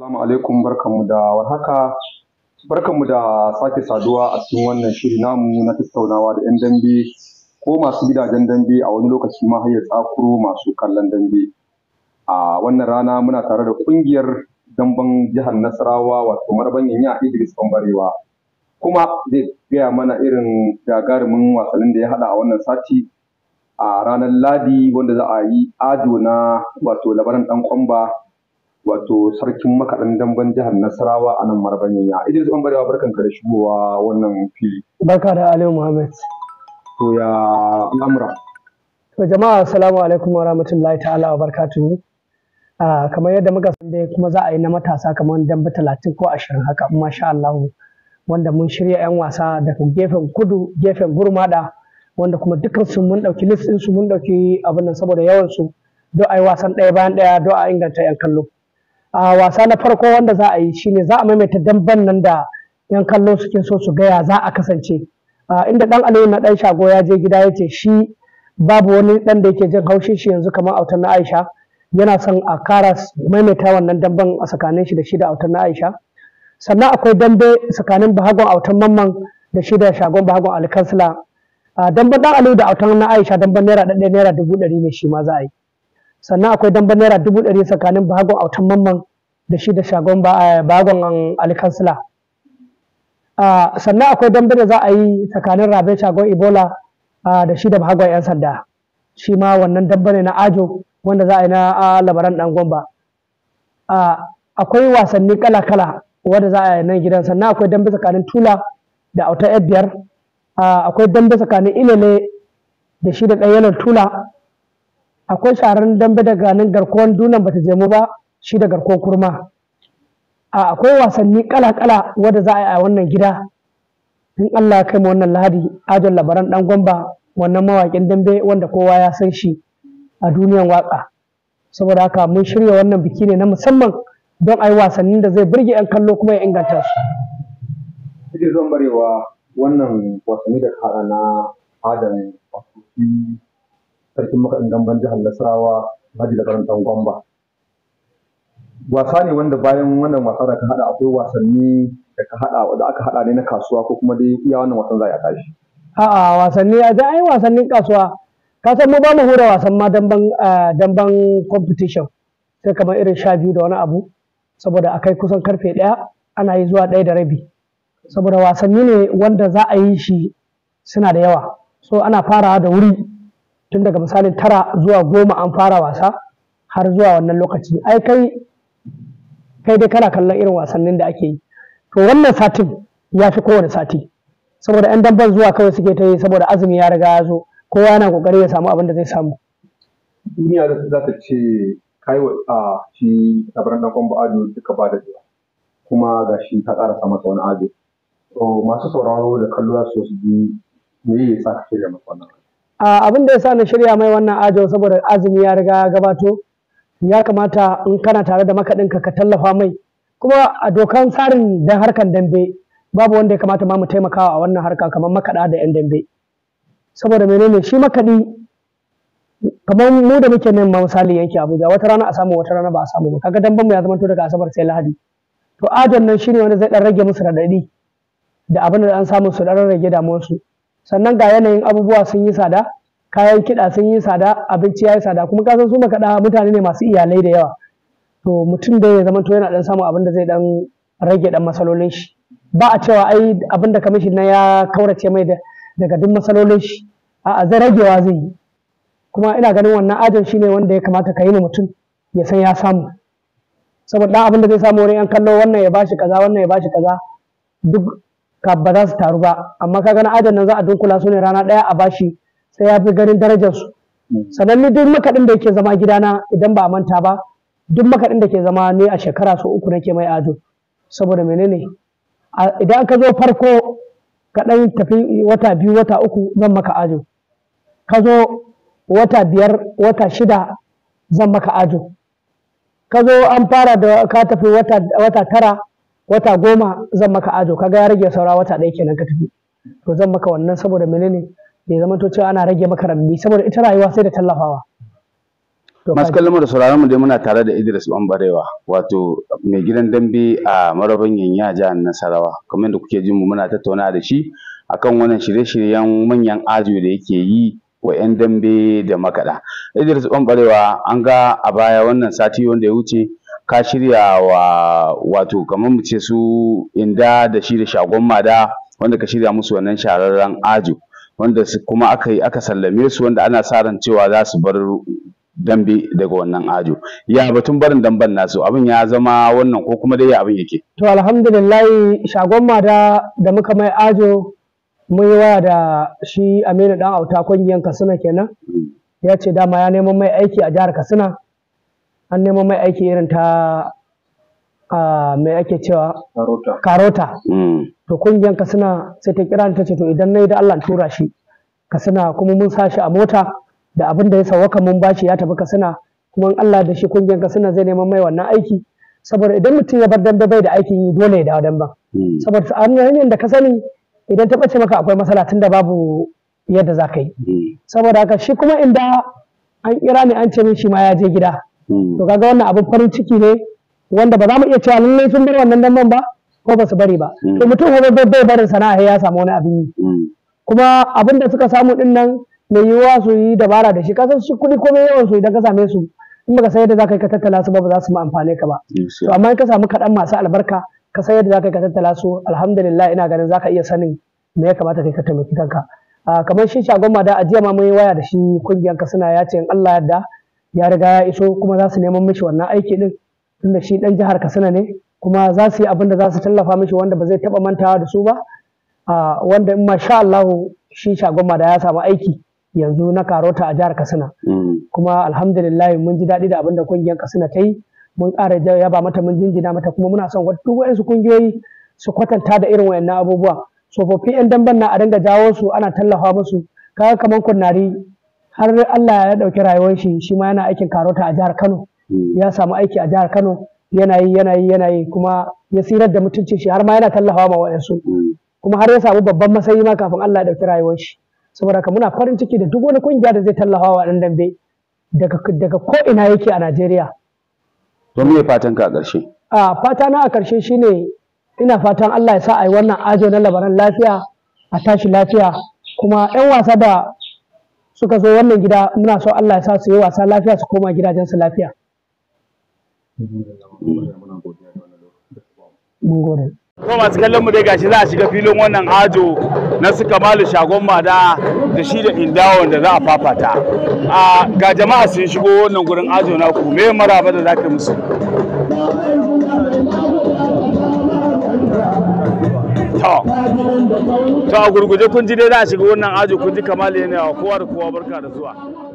Assalamu alaikum barkanmu da warhaka. Barkanmu da sake saduwa a cikin wannan shiri namu na tattaunawa da 'yan dambe ko masu gidajen dambe a wani lokaci ma har ya tsakuro masu kallon dambe. A wannan rana muna tare da ƙungiyar damben jihar Nasarawa wato Marban ya Idris Bambarewa. Kuma zai gaya mana irin gagarumin wasannin da ya haɗa a wannan sati a ranar Ladi wanda za a yi ajo na wato labaran ɗan kwamba wato sarkin makaɗan damben jihar Nasarawa a nan ya. Idris Bambarewa barkan ka da shigowa wannan fili. Barka da Aliyu Muhammad. To ya al'amura. To jama'a assalamu alaikum wa rahmatullahi ta'ala wa barkatu. kamar yadda muka san dai kuma za a yi na matasa kamar dambe talatin ko ashirin haka sha Allah wanda mun shirya 'yan wasa daga gefen kudu gefen gurmada wanda kuma dukkan su mun ɗauki list su mun ɗauki abin nan saboda yawan su do a yi wasan ɗaya bayan ɗaya do a inganta 'yan kallo. a wasa na farko wanda za a yi shine za a maimaita damban nan da yan kallo suke so su gaya za a kasance inda dan aliyu na dan shago ya je gida ya ce shi babu wani dan da yake jin haushin shi yanzu kamar autar na aisha yana son a kara maimaita wannan damban a tsakanin shi da shi da autar na aisha sannan akwai dambe tsakanin bahagon autar mamman da shi da shagon bahagon alkansila damban dan aliyu da autar na aisha damban naira ɗaya naira dubu ɗari ne shi ma za a yi sannan akwai damben naira dubu ɗari tsakanin bagon autan mamman da shi da shagon eh, bagon um, alkansila ah, sannan akwai dambe da za a yi tsakanin rabin shagon ebola ah, da shi da bagon 'yan sanda shi ma wannan dambe ne na ajo wanda za a yi na labaran ɗan gomba ah, akwai wasanni kala-kala wanda za a yi nan gidan sannan akwai dambe tsakanin tula da auta biyar akwai dambe tsakanin ilele da shi da ɗan yanar tula akwai sharan dambe daga nan garkuwan dunan bata je mu ba shi da garkuwan kurma a akwai wasanni kala-kala wadda za a yi a wannan gida in Allah ya kai mu wannan lahadi ajon labaran dan gwamba wannan mawaƙin dambe wanda kowa ya san shi a duniyan waka saboda haka mun shirya wannan biki ne na musamman don a yi wasannin da zai burge 'yan kallo kuma ya inganta su. zan barewa wannan wasanni da kara na adana wasu sarkin makaɗin jihar Nasarawa Haji da Karantan Gomba. Wasa wanda bayan wannan wasa da ka haɗa akwai wasanni da ka haɗa da aka hada ne na kasuwa ko kuma dai iya wannan wasan za a tashi. A'a wasanni a da ai wasannin kasuwa ka san mu ba mu hura wasan ma damban eh, damban competition sai kamar irin sha biyu da wani abu saboda akai kusan karfe ɗaya ana yi zuwa ɗaya da rabi saboda wasanni ne wanda za a yi shi suna da yawa so ana farawa da wuri tun daga misalin tara zuwa goma an fara wasa har zuwa wannan lokaci ai kai kai dai kana kallon irin wasannin da ake yi to wannan satin ya fi kowane sati saboda yan damban zuwa kawai suke ta yi saboda azumi ya riga ya zo kowa yana kokari ya samu abin da zai samu duniya za ta ce kai a shi tabaran dan kwambo ajo duka ba da zuwa kuma ga shi ta ƙara masa wani ado masu sauraro da kallo za su ji me ya sa ka da masa wannan abin da ya sa na shirya mai wannan ajo saboda azumi ya riga gabato ya kamata in kana tare da makaɗinka ka tallafa mai kuma a dokan tsarin dan harkan dambe babu wanda ya kamata ma mu taimakawa a wannan harka kamar makaɗa da 'yan dambe saboda menene shi makaɗi kamar mu da muke nan ma misali yanki Abuja wata rana a samu wata rana ba a samu ba kaga damban mu ya zama to daga Asabar sai Lahadi to ajon nan shine wanda zai dan rage musu radadi da abin da an samu su dan rage damuwar sannan ga yanayin abubuwa sun yi tsada kayan kiɗa sun yi tsada abinci ya yi tsada kuma kasan su makaɗa mutane ne masu iyalai da yawa to mutum da ya zama to yana ɗan samun abin da zai ɗan rage ɗan matsalolin shi ba a cewa ai abin da kamishin na ya kaurace mai daga duk matsalolin shi a zai ragewa zai yi kuma ina ganin wannan ajin ne wanda ya kamata ka yi ma mutum ya san ya samu saboda ɗan abin da zai samu wurin yan kallo wannan ya bashi kaza wannan ya bashi kaza duk Kaba ba za su taru ba amma ka gana adan nan za a dunkula su ne rana ɗaya a bashi sai ya fi ganin darajar su sannan ni duk makaɗin da yake zama gidana idan ba a manta ba duk makaɗin da ke zama ne a shekara so uku nake mai ado saboda menene idan ka zo farko ka ɗan tafi wata biyu wata uku zan maka ado ka zo wata biyar wata shida zan maka ado ka zo an fara da ka tafi wata, tara wata goma zan maka ajo, kaga ya rage saura wata ɗaya kenan ka tafi to zan maka wannan saboda menene ya zama to cewa ana rage maka rambi saboda ita rayuwa sai da tallafawa masu kallon da sauraron mu dai muna tare da Idris Bambarewa wato mai gidan dambe a marabin yanya jihar Nasarawa kamar yadda kuke jin mu muna tattauna da shi akan wannan shirye-shiryen manyan ajo da yake yi wa 'yan dambe da makaɗa. Idris Bambarewa an ga a baya wannan sati wanda ya wuce ka shirya wa wato kamar mu ce su inda da shi da shagon mada wanda ka shirya musu wannan shararren ajo wanda kuma aka aka sallame su wanda ana sa ran cewa za su bar dambe daga wannan ajo ya batun barin damben nasu abin ya zama wannan ko kuma dai abin yake to alhamdulillah shagon mada da muka mai ajo mun yi waya da shi Aminu dan auta kungiyan Katsina kenan ya ce dama ya neman mai aiki a jihar Katsina an nemo mai aiki irin ta mai ake cewa karota hmm. to kungiyan ka suna sai ta kira ta ce to idan na yi da Allah tura shi ka suna kuma mun sa shi a mota da abin da ya sauka mun bashi ya tafi ka suna kuma in Allah da shi kungiyan ka suna zai neman mai wannan aiki saboda idan mutum ya bar dambe bai da aikin yi dole ya dawo damben hmm. saboda a hanyar da ka sani idan ta bace maka akwai matsala tunda babu yadda za ka yi hmm. saboda haka shi kuma inda an kira ni an ce min shi ma ya je gida to hmm. kaga wannan abin farin ciki ne wanda ba za mu iya cewa lallai sun bar wannan damben ba ko ba su bari ba hmm. to mutum ko bai barin sana'a ya samu wani abin yi hmm. kuma abin da suka samu din nan mai yiwuwa su yi dabara da shi san shi kuɗi komai yawan su idan ka same su in baka san yadda zaka yi ka tattala su ba ba za su ma amfane ka ba to amma in ka samu kaɗan masu albarka ka san yadda zaka yi ka tattala su alhamdulillah ina ganin zaka iya sanin me ya kamata kai ka taimaki kanka ah, kamar shi shagon ma da ajiya ma mun yi waya da shi kungiyar ka suna ya ce in Allah yadda ya riga ya iso kuma za su neman mishi wannan aiki din tunda shi dan jihar Katsina ne kuma za su yi abin da za su tallafa mishi wanda ba zai taba mantawa da su ba wanda in masha Allah shi shagon da ya samu aiki yanzu na karota a jihar Katsina mm. kuma alhamdulillah mun ji daɗi da abin da kungiyar Katsina ta yi mun ƙara ba mata mun jinjina mata kuma muna son duk su kungiyoyi su kwatanta da irin wayannan abubuwa tsofaffi 'yan damben na a dinga jawo su ana tallafa musu kaga kamar kunnari har Allah ya dauki rayuwar shi shi ma yana aikin karota a jihar Kano hmm. ya samu aiki a jihar Kano yana yi yana yi yana yi kuma ya sirar da mutuncin shi har ma yana tallafawa ma wayansu hmm. kuma har ya samu babban masayi ma kafin Allah ya dauki rayuwar shi saboda ka muna farin ciki da duk wani kungiya da zai tallafawa wa ɗan dambe daga daga ko ina yake a Najeriya to me fatan ka a ƙarshe a fata na a ƙarshe shine ina fatan Allah ya sa a wannan ajo na labaran lafiya a tashi lafiya kuma 'yan wasa da suka zo wannan gida muna so Allah ya sa su yi wasa lafiya su koma gidajen su lafiya ko masu kallon mu dai gashi za a shiga filin wannan ajo na su Kamalu shagon mada da shi da indawon da za a fafata ah, ga jama'a sun shigo wannan gurin ajo na ku me maraba da zaka musu to a gurguje kun ji dai za a shiga wannan aji kun ji kamar yana kowa da kowa barka da zuwa